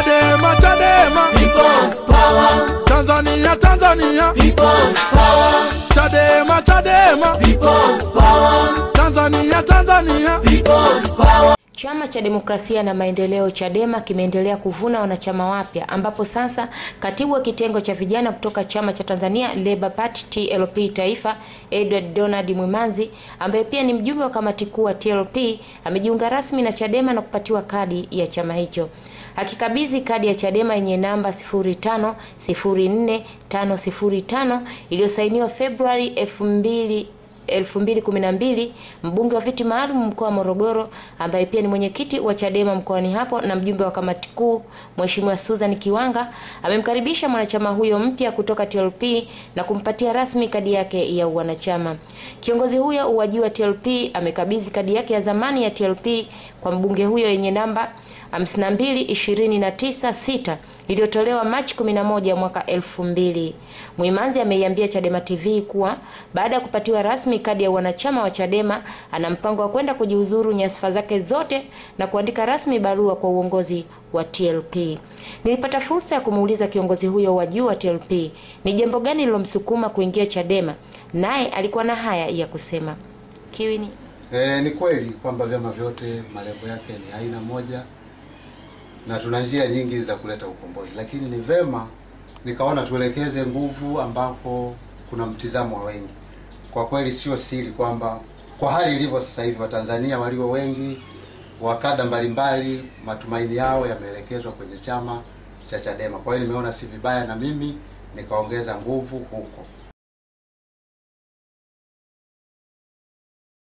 Chadema, Chadema. People's power. Tanzania, Tanzania. People's power. Chadema, Chadema. People's power. Tanzania, Tanzania. People's power. Chama cha Demokrasia na Maendeleo Chadema kimeendelea kuvuna wanachama wapya ambapo sasa katibu wa kitengo cha vijana kutoka chama cha Tanzania Labour Party TLP Taifa Edward Donald Mwimanzi ambaye pia ni mjumbe wa kamati kuu wa TLP amejiunga rasmi na Chadema na kupatiwa kadi ya chama hicho akikabidhi kadi ya Chadema yenye namba 0504505 iliyosainiwa Februari 2012 mbunge wa viti maalum mkoa wa Morogoro ambaye pia ni mwenyekiti wa Chadema mkoani hapo na mjumbe wa kamati kuu Mheshimiwa Susan Kiwanga amemkaribisha mwanachama huyo mpya kutoka TLP na kumpatia rasmi kadi yake ya uwanachama. Kiongozi huyo juu wa TLP amekabidhi kadi yake ya zamani ya TLP kwa mbunge huyo yenye namba 52296 iliyotolewa Machi 11 mwaka 2000. Mwimanzi ameiambia Chadema TV kuwa baada ya kupatiwa rasmi kadi ya wanachama wa Chadema ana mpango wa kwenda kujiuzuru nyadhifa zake zote na kuandika rasmi barua kwa uongozi wa TLP. Nilipata fursa ya kumuuliza kiongozi huyo wa juu wa TLP ni jambo gani lilomsukuma kuingia Chadema, naye alikuwa na haya ya kusema. Kiwini. Eh, ni kweli kwamba vyama vyote malengo yake ni aina moja na tuna njia nyingi za kuleta ukombozi, lakini ni vema nikaona tuelekeze nguvu ambapo kuna mtizamo wa wengi. Kwa kweli sio siri kwamba kwa hali ilivyo sasa hivi Watanzania walio wengi wa kada mbalimbali matumaini yao yameelekezwa kwenye chama cha Chadema. Kwa hiyo nimeona si vibaya na mimi nikaongeza nguvu huko.